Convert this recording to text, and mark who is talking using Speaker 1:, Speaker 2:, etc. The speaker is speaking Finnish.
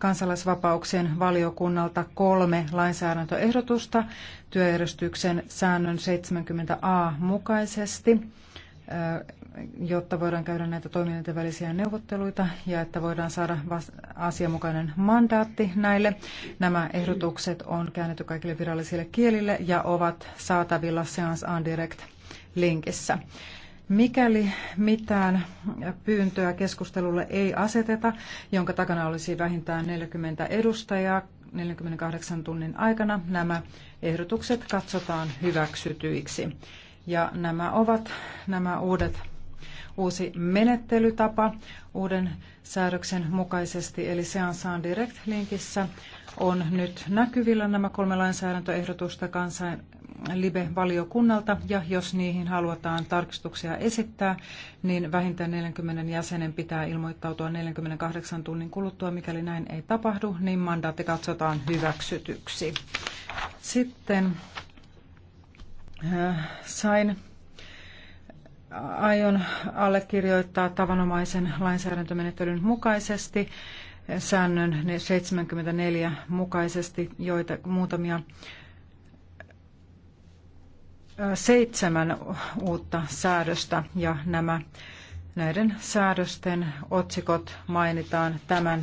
Speaker 1: kansalaisvapauksien valiokunnalta kolme lainsäädäntöehdotusta työjärjestyksen säännön 70a mukaisesti, jotta voidaan käydä näitä toimijoiden välisiä neuvotteluita ja että voidaan saada asianmukainen mandaatti näille. Nämä ehdotukset on käännetty kaikille virallisille kielille ja ovat saatavilla Seance on Direct linkissä. Mikäli mitään pyyntöä keskustelulle ei aseteta, jonka takana olisi vähintään 40 edustajaa 48 tunnin aikana, nämä ehdotukset katsotaan hyväksytyiksi. Ja nämä ovat nämä uudet uusi menettelytapa uuden säädöksen mukaisesti, eli Seansaan Direct-linkissä on nyt näkyvillä nämä kolme lainsäädäntöehdotusta kansain, Libe-valiokunnalta, ja jos niihin halutaan tarkistuksia esittää, niin vähintään 40 jäsenen pitää ilmoittautua 48 tunnin kuluttua. Mikäli näin ei tapahdu, niin mandaatti katsotaan hyväksytyksi. Sitten äh, sain aion allekirjoittaa tavanomaisen lainsäädäntömenettelyn mukaisesti äh, säännön 74 mukaisesti joita muutamia seitsemän uutta säädöstä ja nämä näiden säädösten otsikot mainitaan tämän